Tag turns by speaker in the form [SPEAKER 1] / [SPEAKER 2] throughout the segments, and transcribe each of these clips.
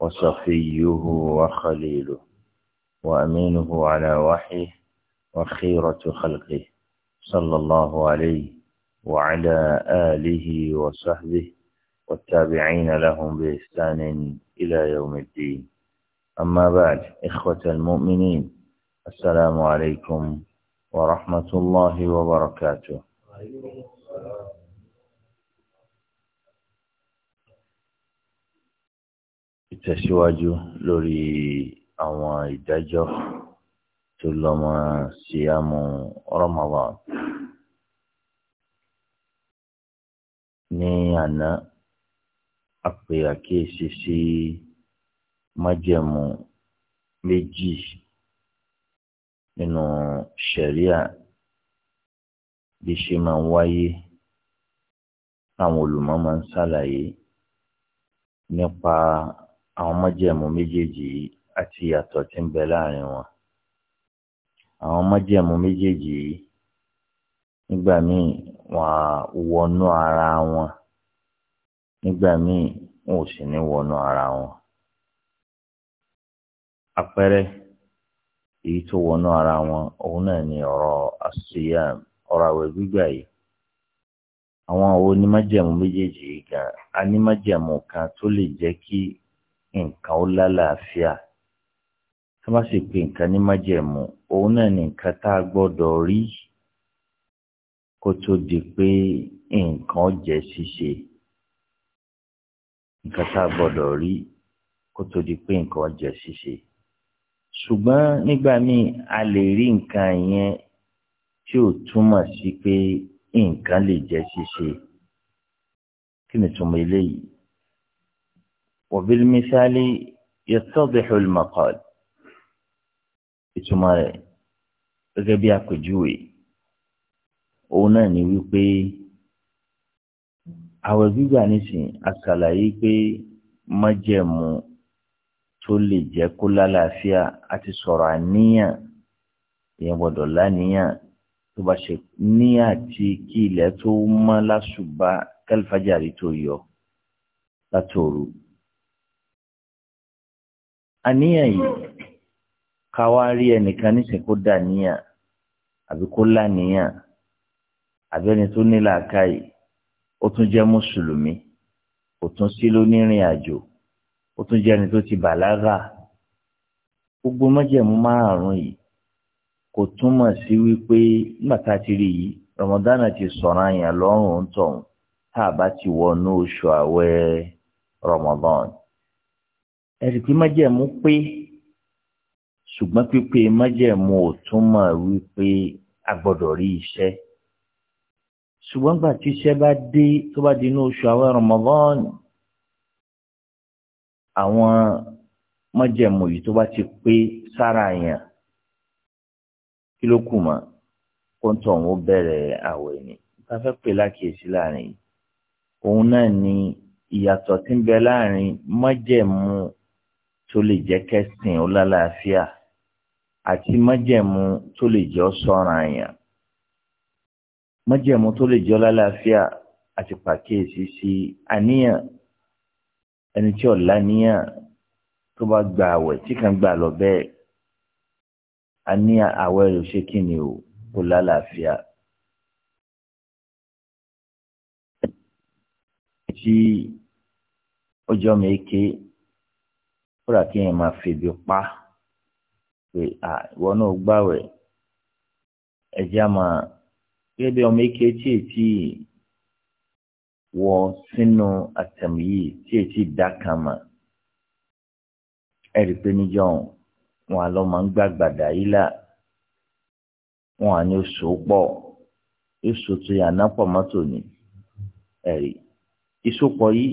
[SPEAKER 1] وصفيه وخليله وأمينه على وحيه وخيرة خلقه صلى الله عليه وعلى آله وصحبه والتابعين لهم بإحسان إلى يوم الدين أما بعد إخوة المؤمنين السلام عليكم ورحمة الله وبركاته ìtẹ̀síwájú lórí àwọn ìdájọ́ tó lọ́mọ síyámù Ramadan. ní àná a pè àkíyèsí sí májẹ̀mú méjì nínú ṣẹ̀ríà bí ṣe máa ń wáyé àwọn olùmọ̀ máa ń ṣàlàyé nípa àwọn májẹ̀mú méjèèjì yìí àti ìyàtọ̀ tí ń bẹ láàrin wọn àwọn májẹ̀mú méjèèjì yìí nígbà míì wọn á wọnú ara wọn nígbà míì wọn ò sì ní wọnú ara wọn àpẹẹrẹ èyí tó wọnú ara wọn òun náà ni ọ̀rọ̀ asiyam ọ̀rọ̀ àwẹ̀ gbígbà yìí àwọn àwọn méjèèjì yìí gan kan tó lè nǹkan ó lálàáfíà ká má sì pe nǹkan ní májẹ̀mú òun náà ni nǹkan tá a gbọ́dọ̀ rí kó tó di pé nǹkan jẹ́ ṣíṣe nǹkan tá a gbọ́dọ̀ rí kó tó di pé nǹkan jẹ́ ṣíṣe ṣùgbọ́n nígbà míì a lè rí nǹkan yẹn tí ò túmọ̀ sí pé nǹkan lè jẹ́ ṣíṣe kí ni túmọ̀ eléyìí وبالمثال يتضح المقال ìtumọ̀ rẹ̀ gẹ́gẹ́ bí àpèjúwe òun náà ni wípé àwẹ̀ gbígbà nísìn àṣàlàyé pé májẹ̀mú tó lè jẹ́ kó lálàáfíà àti sọ̀rọ̀ àníyàn èèyàn gbọ́dọ̀ láníyàn tó bá ṣe ní àti kí ilẹ̀ tó mọ́ lásùbà kálífàjárì tó yọ látòru. aniya yi kawari ya nikan ni sekunda niya abi kula niya abi ni tun je musulumi o tun si lo ni je ni ti balaga gbogbo maje mu marun yi ko tun mo si wi pe nigba ta ti ri yi ramadan ti sọra yan lọrun tọhun ta ba ti wọnu oṣu awẹ ramadan ẹ̀sìn pé májẹ̀mú pé ṣùgbọ́n pípé májẹ̀mú ò túmọ̀ wípé a gbọ́dọ̀ rí iṣẹ́ ṣùgbọ́n gbà tí iṣẹ́ bá dé tó bá di inú oṣù àwọn Ramadan àwọn májẹ̀mú yìí tó bá ti pé sára yẹn kí ló kù mọ́ kó ń tọ̀ ń bẹ̀rẹ̀ àwẹ̀ ni bá fẹ́ pè lákìyèsí láàrin yìí òun náà ni ìyàtọ̀ tí ń bẹ láàrin májẹ̀mú tó lè jẹ́ kẹ́sìn ó lálàáfíà àti májẹ̀mú tó lè jẹ́ ọ sọ̀ràn àyàn májẹ̀mú tó lè jẹ́ ọ lálàáfíà àti pàkíyèsí sí àníyàn ẹni tí ọ̀la níyàn tó bá gba àwẹ̀ tí kàn gbà lọ bẹ́ẹ̀ àníyàn àwẹ̀ rẹ̀ ṣé kí ni o kò lálàáfíà. ọjọ́ mi ké kódà kí èèyàn máa febi pa pé à ìwọ náà gbàwẹ̀ ẹ̀jẹ̀ á máa gẹ́gẹ́ bí ọmọ ike tí ètí wọ sínú àtẹ̀mù yìí tí ètí dákàmà ẹ̀rí pé níjọ́ wọn àlọ́ máa ń gbàgbàdà yìí là wọn à ní oṣù pọ̀ oṣù tó yà ná pọ̀ mọ́tò ni ẹ̀rí ìsopọ̀ yìí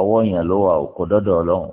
[SPEAKER 1] ọwọ́ yẹn ló wà òkò dọ́dọ̀ ọlọ́run.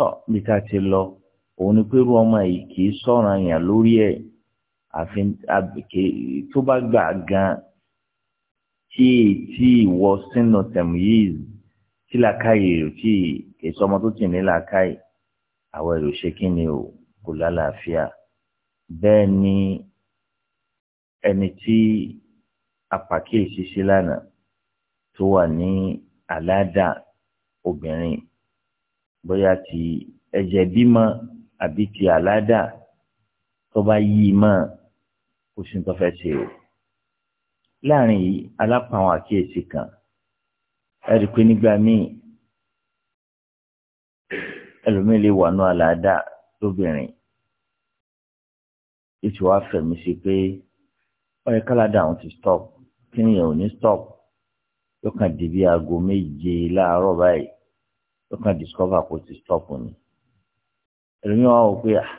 [SPEAKER 1] tọ́ bí ká ti lọ òun ni pé irú ọmọ yìí kì í sọ̀ràn yàn lórí ẹ̀ àfi tó bá gbà gan tí tí ìwọ sínú tẹ̀mù yìí tí làákàyè rò tí kì í sọmọ tó tì ní làákàyè àwọn èrò ṣe kí ni o kò lálàáfíà bẹ́ẹ̀ ni ẹni tí apàkíyèsí sí lánàá tó wà ní aládà obìnrin bóyá ti ẹ̀jẹ̀ bímọ àbí ti àládà tó bá yí i mọ́ kó sì ń tọ́ fẹ́ ṣe o. láàrin yìí alápàwọn àkíyèsí kan ẹ pé nígbà míì ẹlòmíì lè wà ní àládà lóbìnrin ètò wa fẹ̀mí sí pé ọ̀rẹ́ káládà àwọn ti stop kí nìyẹn ò ní stop yóò kàn dé bí aago méje láàárọ̀ báyìí ó kàn discover kó ti stop ni ẹlòmíì wá wò pé ah,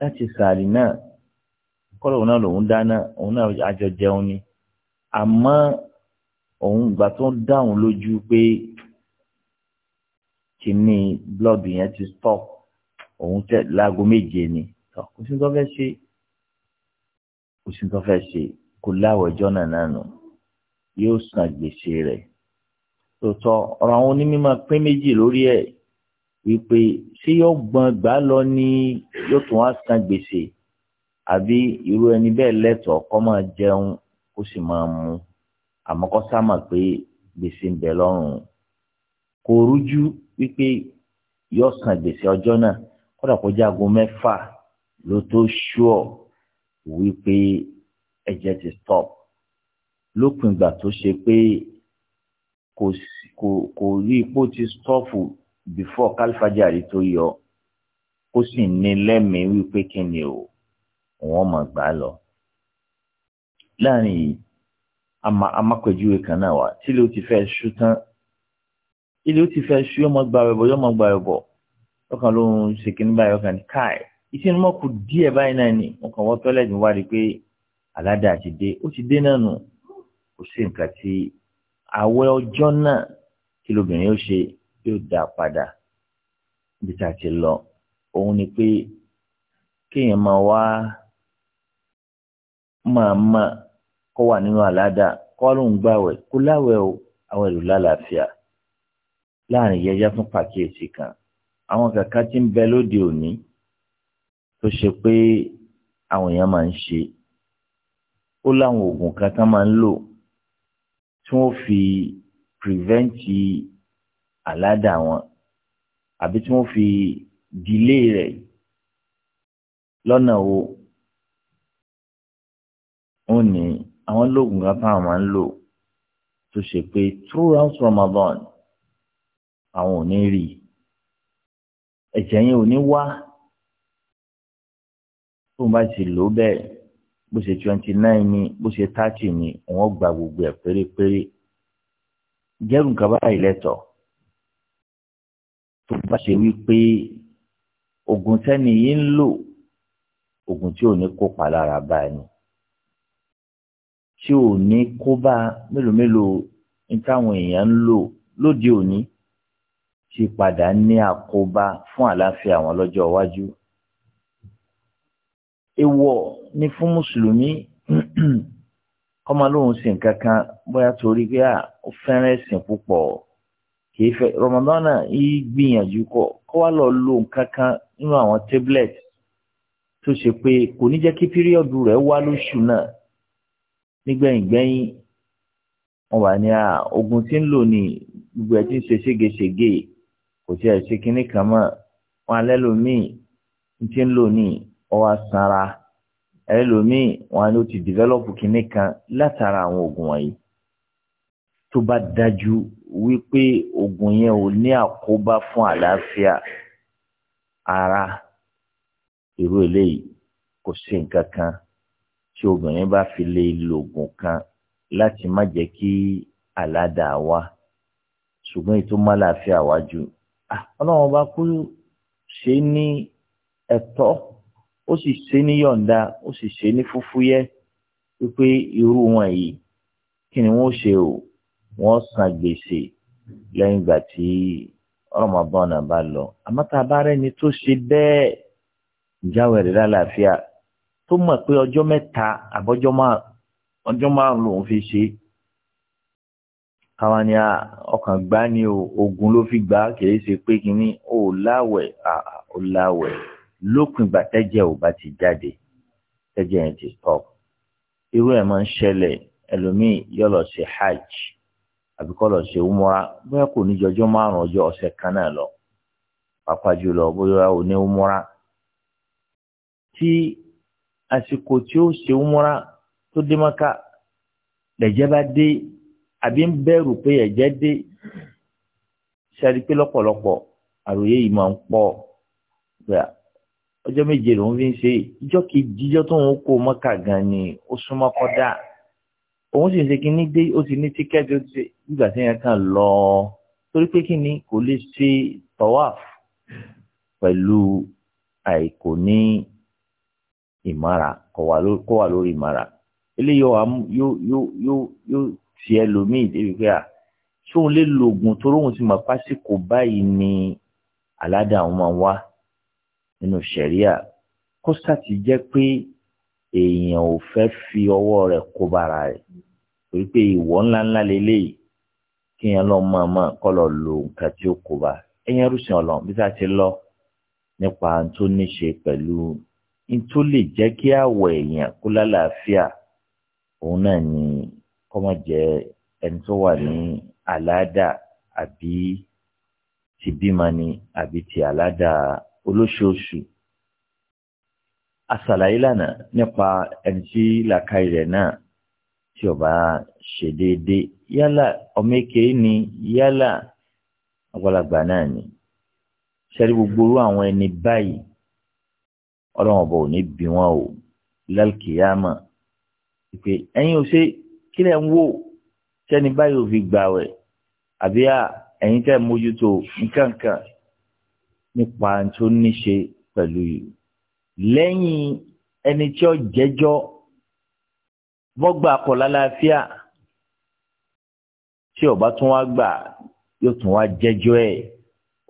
[SPEAKER 1] láti sàárì náà kọ́lọ̀ òun náà lòun dáná òun náà àjọ jẹun ni àmọ́ òun ìgbà tó ń dá òun lójú pé kìíní blọọdù yẹn ti stop òun tẹ láago méje ni kò sí tó fẹ́ ṣe kò sí tó fẹ́ ṣe kò láwọ̀ ẹjọ́ náà náà yóò san gbèsè rẹ̀ tòótọ́ ọ̀rọ̀ àwọn onímọ̀ pín méjì lórí ẹ̀ wípé ṣé yóò gbọ́n gbà lọ ní yóò tún wá san gbèsè àbí irú ẹni bẹ́ẹ̀ lẹ́tọ̀ọ́ kó máa jẹun kó sì máa mu àmọ́ kó sá mà pé gbèsè ń bẹ lọ́rùn kò rújú wípé yóò san gbèsè ọjọ́ náà kódà kó jágo mẹ́fà ló tó ṣúọ̀ wípé ẹ̀jẹ̀ ti stop lópin ìgbà tó ṣe pé kò kò rí ipò tí stọ́ọ̀fù before kálífàjárì tó yọ kó sì ní lẹ́mìí wípé kí ni o wọ́n mọ̀ gbà á lọ. láàrin yìí amápẹ̀júwe kan náà wà tí ilé ó ti fẹ́ ṣú tán ilé ó ti fẹ́ ṣú yọmọ gba ẹ̀bọ̀ yọmọ gba ẹ̀bọ̀ lọ́kàn ló ń ṣe kí ní báyìí ọkàn ní káì iṣẹ́ ni wọ́n kù díẹ̀ báyìí náà ni wọ́n kàn wọ́n tọ́lẹ̀ ní wá pé aládàá ti dé ó ti dé náà nù kò sí nǹkan tí àwẹ̀ ọjọ́ náà kí lóbìnrin yóò ṣe yóò dá padà bí tá a ti lọ òun ni pé kéèyàn máa wá máa má kó wà nínú àládà kó lóun gbàwẹ̀ kó láwẹ̀ o àwọn ìlú lálàáfíà láàrin yẹyẹ fún pàkíyèsí kan àwọn kàkà tí ń bẹ lóde òní tó ṣe pé àwọn èèyàn máa ń ṣe ó láwọn oògùn kan tán máa ń lò tí wọ́n fi pìrìvẹ́ǹtì àládà wọn àbí tí wọ́n fi dìlé rẹ̀ lọ́nà wo ó ní àwọn lóògùn kan fáwọn máa ń lò tó ṣe pé throughout Ramadan àwọn ò ní rí ẹ̀jẹ̀ yẹn ò ní wá tó ń bá ti lò bẹ́ẹ̀ bó ṣe twenty nine ni bó ṣe thirty ni wọ́n gba gbogbo ẹ̀ pérépéré jẹ́rù kaba ìlẹ́tọ̀ tó bá ṣe wí pé oògùn tẹ́ni yìí ń lò oògùn tí ò ní kópa lára báyìí tí ò ní kó bá mélòó mélòó ní táwọn èèyàn ń lò lóde òní ti padà ní àkóbá fún àlàáfíà àwọn lọ́jọ́ iwájú ewọ ni fún mùsùlùmí kọ́mọ lóhùn sin kankan kan bóyá torí pé à ah, ó fẹ́ràn ẹ̀sìn púpọ̀ kìí fẹ́ rọmọdánà yìí gbìyànjú kọ kó wá lọ lo nǹkan nínú àwọn tablet tó ṣe pé kò ní jẹ́ kí píríọ̀dù rẹ̀ wá lóṣù náà nígbẹ̀yìngbẹ̀yìn wọn wà ah, ogun tí ń lò ní gbogbo ẹ̀ tí ń ṣe ségesège kò tí ẹ̀ ṣe kinní kan mọ́ wọn alẹ́ tí ń lò ọwọ́ sanra ẹlòmíì wọn ló ti dìvẹ́lọ́pù kínní kan látara àwọn oògùn wọ̀nyí tó bá dájú wípé oògùn yẹn ò ní àkóbá fún àlàáfíà ara irú eléyìí kò sí nǹkan kan tí obìnrin bá fi lè lo oògùn kan láti má jẹ́ kí aládàá wá ṣùgbọ́n ètò mọ́láfíà wájú ah, ọlọ́run bá kú ṣe ní ẹ̀tọ́ ó sì ṣe ní yọ̀ǹda ó sì ṣe ní fúfúyẹ́ wípé irú wọn yìí kí ni wọ́n ṣe o wọ́n san gbèsè lẹ́yìn ìgbà tí Ramadan náà bá lọ àmọ́ tá a bá rẹ́ni tó ṣe bẹ́ẹ̀ ìjáwé rẹ̀ lálàáfíà tó mọ̀ pé ọjọ́ mẹ́ta àbọ̀jọ́ márùn-ún lòún fi ṣe káwa ni ọkàn gbá ni o ogun ló fi gbà kì í ṣe pé kínní o láwẹ̀ o láwẹ̀. lópin ìgbà tẹ́jẹ̀ ò bá ti jáde tẹ́jẹ̀ yẹn ti stop irú ẹ̀ máa ń ṣẹlẹ̀ ẹlòmíì yóò lọ ṣe hajj àbí kó lọ ṣe umra bóyá kò ní jọjọ́ márùn-ún ọjọ́ ọ̀sẹ̀ kan náà lọ pàápàá jùlọ bóyá ò ní umra tí àsìkò tí ó ṣe umra tó dé lẹ̀jẹ̀ bá dé àbí ń bẹ̀rù pé ẹ̀jẹ̀ dé ṣe àdìpé lọ́pọ̀lọpọ̀ àròyé yìí máa ń pọ̀ bẹ́ẹ̀ ọjọ́ méje lòun fi ń ṣe ìjọ kejì ìjọ tóun kó mọ́kà gan ni ó súnmọ́ kọ́dà òun sì ń ṣe kínní dé ó ti ní tíkẹ́ẹ̀tì ó ti ṣe ìgbà tí yẹn kàn lọ torí pé kínní kò lè ṣe tọ́wáf pẹ̀lú àìkò ní ìmára kò wà lórí ìmára eléyìí yóò yóò yóò ti ẹlòmíì débi pé à ṣóun lè lo oògùn tó lóun ti mọ̀ pásíkò báyìí ni aládàá wọn wá nínú ṣẹ̀ríà kó sàti jẹ́ pé èèyàn ò fẹ́ fi ọwọ́ rẹ̀ kó bara rẹ̀ torí pé ìwọ ńláńlá lélẹ́yìí kí yẹn lọ mọ̀ mọ̀ kọ́ lọ lo nǹkan tí ó kó ba ẹ̀yẹn rúṣin ọ̀lọ́ bí sá ti lọ nípa tó ní ṣe pẹ̀lú tó lè jẹ́ kí àwọ̀ èèyàn kó lálàáfíà òun náà ni kọ́mọ jẹ́ ẹni tó wà ní àládà àbí ti ni àbí ti àládà olóṣooṣù asàlàyé lánàá nípa ẹni tí làákàyè rẹ̀ náà tí ó bá ṣe déédéé yálà ọmọ ni yálà àgbàlagbà náà ni sẹ́rí gbogbo orú àwọn ẹni báyìí ọlọ́run ọba ò ní bí wọn o lálkìyàmà ìpè ẹ̀yin ò ṣe kílẹ̀ ń wò sẹ́ni báyìí ò fi gbà wẹ̀ àbí ẹ̀yin tẹ́ mójútó nǹkan kan nípa tó ní ṣe pẹ̀lú yìí lẹ́yìn ẹni tí ó jẹ́jọ́ bọ́gbà kọ̀lá láàfíà tí ó bá tún wá gbà yóò tún wá jẹ́jọ́ ẹ̀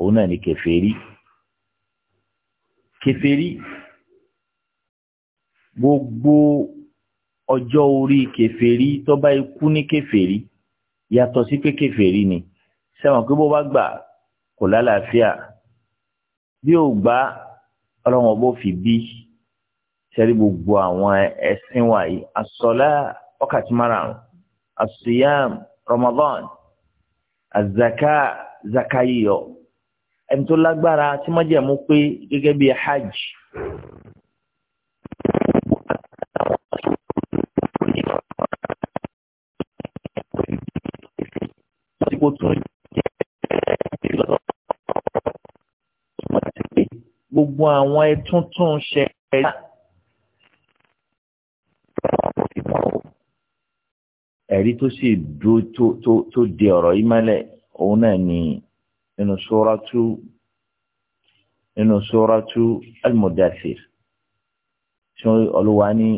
[SPEAKER 1] òun náà ni kèfèrí kèfèrí gbogbo ọjọ́ orí kèfèrí tó bá ikú ní kèfèrí yàtọ̀ sí pé kèfèrí ni sẹ́wọ̀n pé bó bá gbà kò bí ò gbá ọlọ́run ọ̀bọ fi bí sẹ́rí gbogbo àwọn ẹ̀sìn wàyí asọ́lá wákàtí márùn-ún asiyam ramadan azaka zakayiyọ ẹni tó lágbára tí wọ́n jẹ́ mú pé gẹ́gẹ́ bí hajj. tí kò gbogbo àwọn ẹtúntún ṣẹlẹ̀ ẹ̀rí tó sì dúró tó de ọ̀rọ̀ yìí mọ́lẹ̀ òun náà ni nínú sóràtú nínú sóràtú al-Mudaththir tí Olúwa ní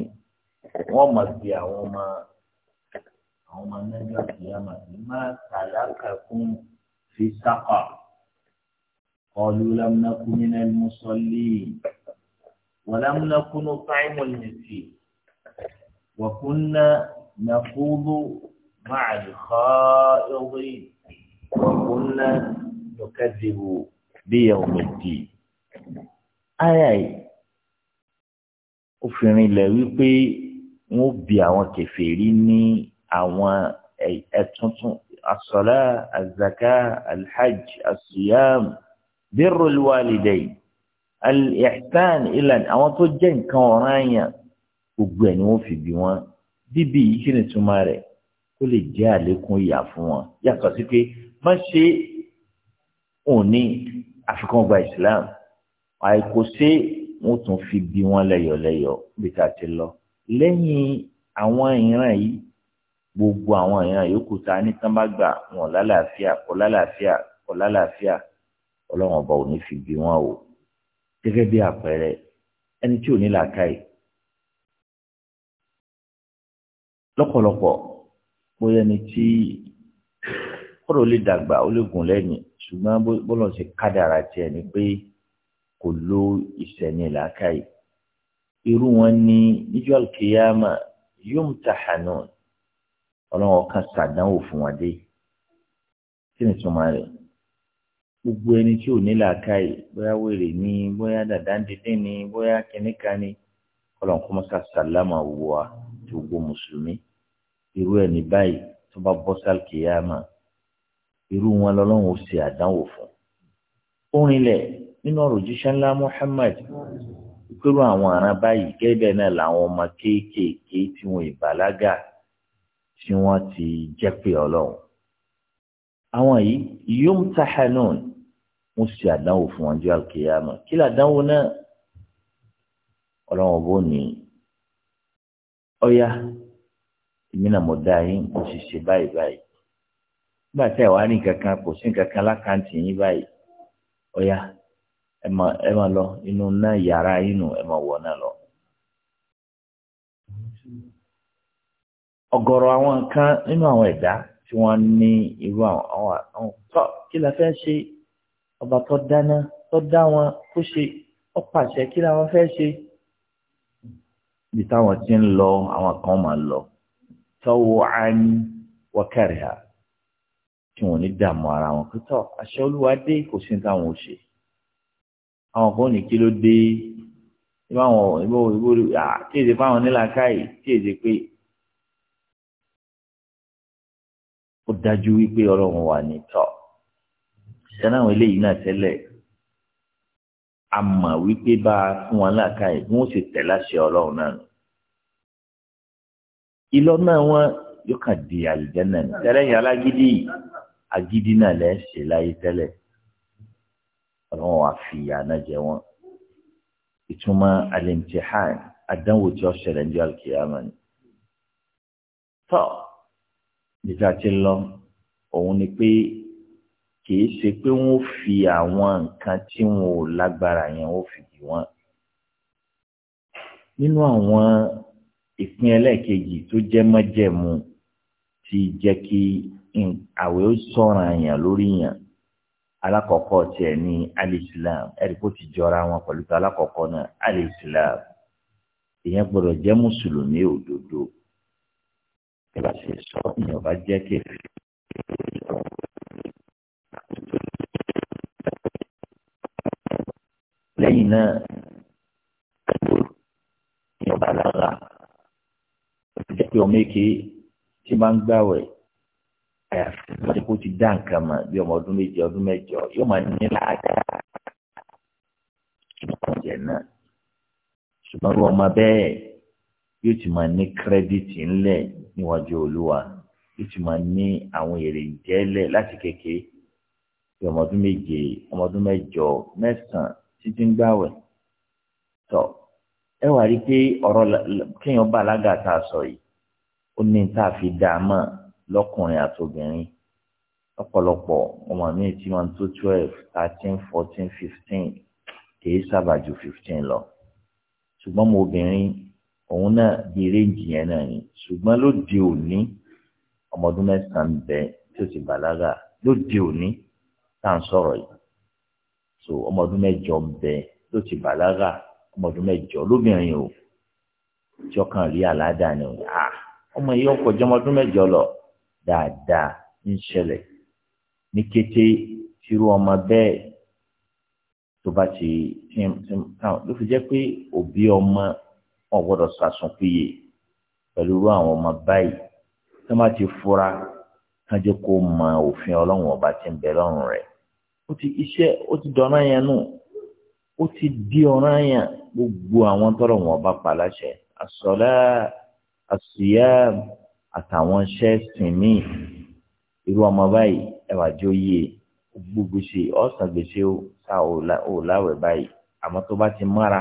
[SPEAKER 1] wọ́n mọ̀ sí àwọn ọmọ àwọn ọmọ nàìjíríà kìí àmà ní má tàlákà fún fi sáà. قالوا لم نكن من المصلين ولم نكن نطعم المسكين وكنا نخوض مع الخائضين وكنا نكذب بيوم الدين آية آي. òfin ilẹ̀ wípé wọ́n bi àwọn kẹfẹ́rí ní àwọn ẹ̀tuntun asọ́lá azaka alhaj asiyam birrul walidayn al-ihsan ilan àwọn tó jẹ́ nǹkan ọ̀ranyàn gbogbo ẹ̀ ni wọ́n fi bí wọn bíbí yìí kí ni túmọ̀ rẹ̀ kó lè jẹ́ àlékún ìyà fún wọn yàtọ̀ sí pé má ṣe òní àfikún ọgbà islam àìkò ṣe wọn tún fi bí wọn lẹ́yọ̀lẹ́yọ̀ bí ta ti lọ lẹ́yìn àwọn ìran yìí gbogbo àwọn ìran yòókù ta ní tán bá gbà wọn lálàáfíà kò lálàáfíà kò lálàáfíà ọlọ́run ọba ò ní fi bí wọn o gẹ́gẹ́ bí àpẹẹrẹ ẹni tí ò ní làákàyè lọ́pọ̀lọpọ̀ bóyá ẹni tí kọ́rọ̀ lè dàgbà ó lè gùn lẹ́yìn ṣùgbọ́n bọ́lọ̀ ṣe kádàrà tiẹ̀ ni pé kò lo ìṣẹ̀ni làákàyè irú wọn ní níjọ́ àlùkìyàmà yumtahanun ọlọ́run ọkàn ṣàdánwò fún wọn dé kí ni túmọ̀ rẹ̀ gbogbo ẹni tí ò ní làákàyè bóyá wèrè ni bóyá dàdáńdídé ni bóyá kìnìkan ni kọlọ̀n kọ́ mọ́sá sàlámà wò wá tí gbogbo mùsùlùmí irú ẹ̀ ní báyìí tó bá bọ́ sálkìyàmà irú wọn lọ́lọ́run ó ṣe àdánwò fún. ó rinlẹ̀ nínú ọ̀rọ̀ jíṣẹ́ ńlá Muhammad ìpérò àwọn ará báyìí gẹ́gẹ́ náà làwọn ọmọ kéékèèké tí wọn ìbàlágà tí wọ́n ti jẹ́ pé ọlọ́run. àwọn yìí yóò ń tahanun wọ́n sì àdánwò fún wọn àkèyàmọ̀ kí làdánwò náà ọlọ́run bó ní ọ̀yá èmi náà mo mo sì ṣe báyìí báyìí nígbà tí ní kankan kò sí kankan lákàntì yín báyìí ọ̀yá ẹ máa ẹ lọ inú náà yàrá inú ẹ wọ̀ náà lọ. ọ̀gọ̀rọ̀ àwọn kan nínú àwọn ẹ̀dá tí wọ́n ní irú àwọn ọba tó dáná tó dá wọn tó ṣe ó pàṣẹ kí làwọn fẹ́ ṣe bí táwọn ti ń lọ àwọn kan máa lọ tọ́wọ́ á ní wákàrí ha tí wọn ní dààmú ara wọn pé tọ́ àṣẹ olúwa dé kò sí táwọn ò ṣe àwọn kan ní kí ló dé ibà wọn ibò ibò tí èdè fáwọn nílà káyì tí èdè pé ó dájú wípé ọlọ́run wà ní tọ́ sẹ́ni àwọn eléyìí náà tẹ́lẹ̀ a mọ̀ wípé bá a fún wọn láàka yìí bí wọ́n sì tẹ̀ láṣẹ ọlọ́run náà nù. ìlọ náà wọn yóò kàn di àlìjẹ́nà ní tẹ́lẹ̀yìn alágídí agídí náà lẹ́ ṣe láyé tẹ́lẹ̀ ọlọ́run wàá fi àná jẹ wọn. ìtumọ̀ al-imtihan àdánwò tí ó ṣẹlẹ̀ ní alkiyama ni. tọ́ nígbà tí ń lọ òun ni pé kìí ṣe pé wọ́n fi àwọn nǹkan tí wọn ò lágbára yẹn wọ́n fi dì wọ́n. nínú àwọn ìpín ẹlẹ́ẹ̀kejì tó jẹ́ mọ́jẹ̀mú ti jẹ́ kí àwẹ̀ ó sọ̀ràn yàn lórí yàn alákọ̀ọ́kọ́ tiẹ̀ ní alìsílám ẹ̀rí kó ti jọra wọn pẹ̀lú tó alákọ̀ọ́kọ́ náà alìsílám ìyẹn gbọ́dọ̀ jẹ́ mùsùlùmí òdodo. ìbáṣe sọ ìyẹn ò bá jẹ́ kéfì. eléyìí náà pẹ̀lú ìyọba lára òtítọ́ pé ọmọ èké tí máa ń gbàwẹ̀ àyàfi lọ́dún kó ti dá nǹkan mọ̀ bí ọmọ ọdún méje ọdún mẹ́jọ yóò máa ní láàdá ìjẹ náà ṣùgbọ́n bí ọmọ bẹ́ẹ̀ yóò ti máa ní kírẹ́dìtì ńlẹ̀ níwájú olúwa yóò ti máa ní àwọn èrè jẹ́lẹ̀ láti kékeré bí ọmọ ọdún méje ọmọ ọdún mẹ́jọ mẹ́sàn-án títí ń gbàwẹ̀ tọ ẹ wà rí pé ọ̀rọ̀ kéèyàn bá alága tá a sọ yìí ó ní tá a fi dá a mọ̀ lọ́kùnrin àtobìnrin ọ̀pọ̀lọpọ̀ ọmọ mi tí wọ́n tó twelve thirteen fourteen fifteen kìí sábà ju fifteen lọ ṣùgbọ́n mo obìnrin òun náà di réǹjì yẹn náà ni ṣùgbọ́n lóde òní ọmọ ọdún mẹ́sàn-án bẹ tí ó ti bàlágà lóde òní tá à ń sọ̀rọ̀ yìí so ọmọ ọdún mẹ́jọ ń bẹ ló ti bàlágà ọmọ ọdún mẹ́jọ lóbìnrin o tí ọkàn rí àládàá ni à ọmọ yìí ọkọ jọmọ ọdún mẹ́jọ lọ dáadáa ń ṣẹlẹ̀ ní kété tírú ọmọ bẹ́ẹ̀ tó bá ti tí ló fi jẹ́ pé òbí ọmọ wọn gbọ́dọ̀ sàsùn péye pẹ̀lú irú àwọn ọmọ báyìí tí bá ti fura kájọ kó mọ òfin ọlọ́run ọba tí ń bẹ lọ́rùn rẹ̀ ó ti iṣẹ́ ó ti dọ̀ràn yẹn nù ó ti di ọ̀ràn yẹn gbogbo àwọn tọrọ wọn bá pa láṣẹ àsọlá àsùyá àtàwọn iṣẹ́ sìn irú ọmọ báyìí ẹwà jó yé gbogbo ṣe ọ̀sán gbèsè ò láwẹ̀ báyìí àmọ́ tó bá ti mára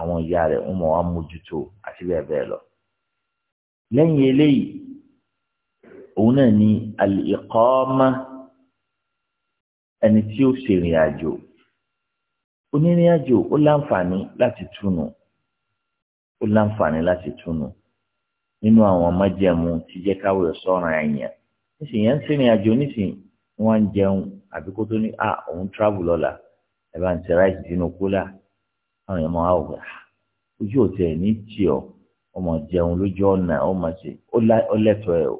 [SPEAKER 1] àwọn ìyá rẹ̀ ń mọ̀ wá mójútó àti bẹ́ẹ̀ bẹ́ẹ̀ lọ. lẹ́yìn eléyìí òun náà ni al-iqama ẹni tí ó ṣe ìrìn àjò onírìn àjò ó láǹfààní láti túnu ó láǹfààní láti túnu nínú àwọn májẹ̀mú tí jẹ́ káwé ọ̀sọ́ràn ẹ̀yàn nísìnyí yẹn ń ṣèrìn àjò nísìnyí wọ́n ń jẹun àbí kó tó ní à òun travel lọ́la ẹ bá ń ṣe ráìsì sínú kólà àwọn èèyàn máa wò ojú òtí ní tì ọ́ ọmọ jẹun lójú ọ̀nà ọmọ ṣe ó lẹ́tọ̀ọ́ ẹ̀ o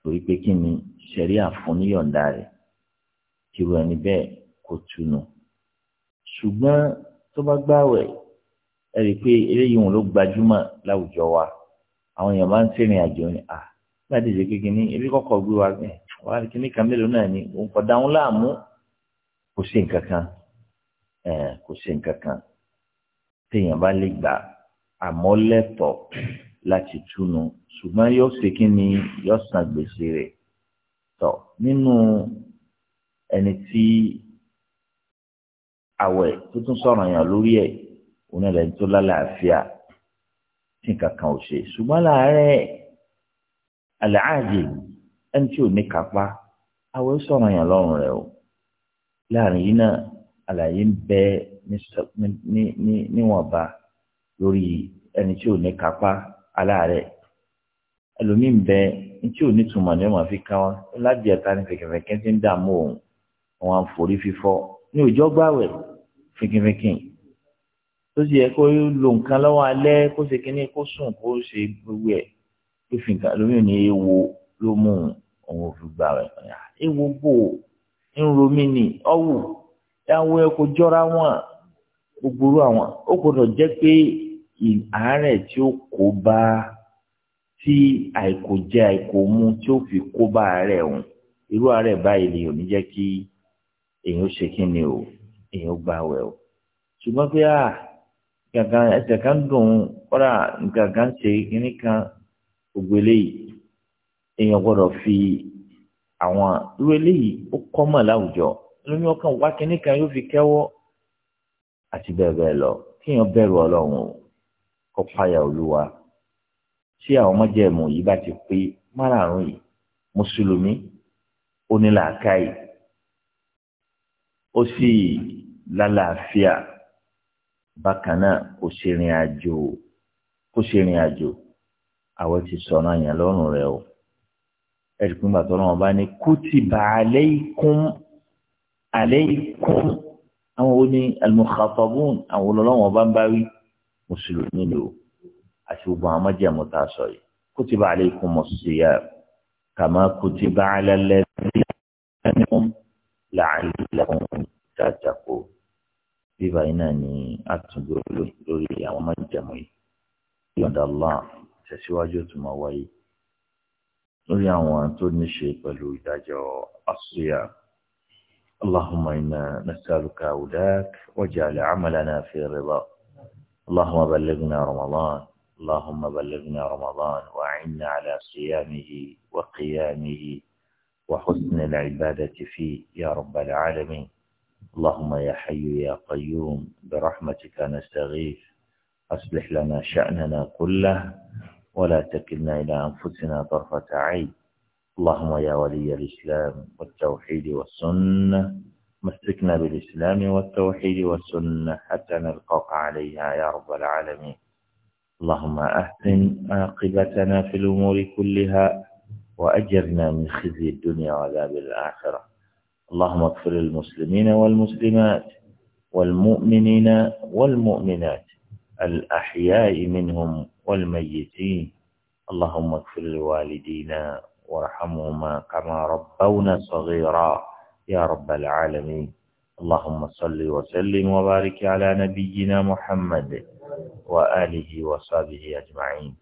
[SPEAKER 1] torí pé kí ni ṣẹ̀rí àfún níyọ̀ǹda rẹ̀ kíru ẹni bẹ́ẹ̀ kó túnu ṣùgbọ́n tó bá gbààwẹ̀ ẹ rí i pé eléyìí wọn ló gbajúmọ̀ láwùjọ wa àwọn èèyàn máa ń sẹ́rìn àjò ni à láti ṣe kékeré ní ebi kọ́kọ́ gbé wa gbẹ̀ wá kíní kan mélòó náà ni òun kọ̀ dáhùn láàmú kò sí nǹkan kan kò sí nǹkan kan téèyàn bá lè gbà àmọ́ láti túnu ṣùgbọ́n yóò ṣe kí ni yóò san gbèsè rẹ̀ tọ̀ nínú ẹni tí àwẹ̀ tó tún sọ̀rọ̀ yàn lórí ẹ̀ òun náà lẹ́ni tó lálàáfíà tí nǹkan kan ò ṣe ṣùgbọ́n láàárẹ̀ àlàájì ẹni tí ò ní kápá àwẹ̀ sọ̀rọ̀ yàn lọ́rùn rẹ̀ o láàrin yìí náà àlàyé ń bẹ níwọ̀nba lórí ẹni tí ò ní kápá aláàárẹ̀ ẹlòmíín bẹ ní tí ò ní túmọ̀ ní ọmọ fi ká wọn ládìẹ ta ni ti ń dààmú òun wọn forí fífọ́ ní òjọ́ gbàwẹ̀ fínkínfínkín tó sì yẹ kó lo nǹkan lọ́wọ́ alẹ́ kó ṣe kínní kó sùn kó ṣe gbogbo ẹ̀ kó fi nǹkan lómi ní ewo ló mú òun ò fi gbàwẹ̀ ewo bò ń romí ni ọ̀wù àwọn ẹ̀kọ́ jọra wọn gbogbo àwọn ó gbọ́dọ̀ jẹ́ pé àárẹ̀ tí ó kó bá tí àìkò jẹ àìkò mu tí ó fi kó bá àárẹ̀ òun irú àárẹ̀ báyìí lè ò ní jẹ́ kí èèyàn ṣe kí ni o èèyàn gba àwẹ̀ o ṣùgbọ́n pé à ah, gàgà ẹsẹ̀ kan dùn kọ́ra gàgà ń ṣe kíní kan gbogbo eléyìí èèyàn gbọ́dọ̀ fi àwọn irú eléyìí ó kọ́mọ̀ láwùjọ lómi ọkàn wá kíní kan yóò fi kẹ́wọ́ àti bẹ́ẹ̀ bẹ́ẹ̀ lọ kéèyàn bẹ̀rù ọlọ́run o páyà olúwa tí àwọn ọmọdé ẹ̀mú yìí bá ti pé márààrún yìí mùsùlùmí onílàákàyè ó sì lálàáfíà bákan náà kò ṣe ìrìn àjò kò ṣe ìrìn àjò àwọn ti sọ̀rọ̀ àyàn lọ́rùn rẹ̀ o ẹ̀rí pé bàtọ́ náà bá ní kútìbà alaykum alaykum àwọn wo ni al-mukhatabun àwọn olólùwọ̀n bá ń bá wí mùsùlùmí lò àti gbogbo àwọn májèmú tá a sọ yìí kútìbà alaykumus siyam kàmá kútìbà ala alladhi la'allahum tattaqun bíbá yìí náà ni a tún gbòòrò lórí àwọn májàmú yìí yọ̀ǹda Allah tẹ̀síwájú tó máa wáyé lórí àwọn tó ní ṣe pẹ̀lú ìdájọ́ àṣùyà. اللهم إنا نسألك هداك واجعل عملنا في رضا اللهم بلغنا رمضان اللهم بلغنا رمضان وأعنا على صيامه وقيامه وحسن العبادة فيه يا رب العالمين اللهم يا حي يا قيوم برحمتك نستغيث أصلح لنا شأننا كله ولا تكلنا إلى أنفسنا طرفة عين اللهم يا ولي الإسلام والتوحيد والسنة مسكنا بالإسلام والتوحيد والسنة حتى نلقاك عليها يا رب العالمين اللهم أحسن عاقبتنا في الأمور كلها وأجرنا من خزي الدنيا وعذاب الآخرة اللهم اغفر للمسلمين والمسلمات والمؤمنين والمؤمنات الأحياء منهم والميتين اللهم اغفر لوالدينا وارحمهما كما ربونا صغيرا يا رب العالمين اللهم صل وسلم وبارك على نبينا محمد وآله وصحبه أجمعين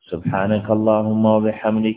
[SPEAKER 1] سبحانك اللهم وبحمدك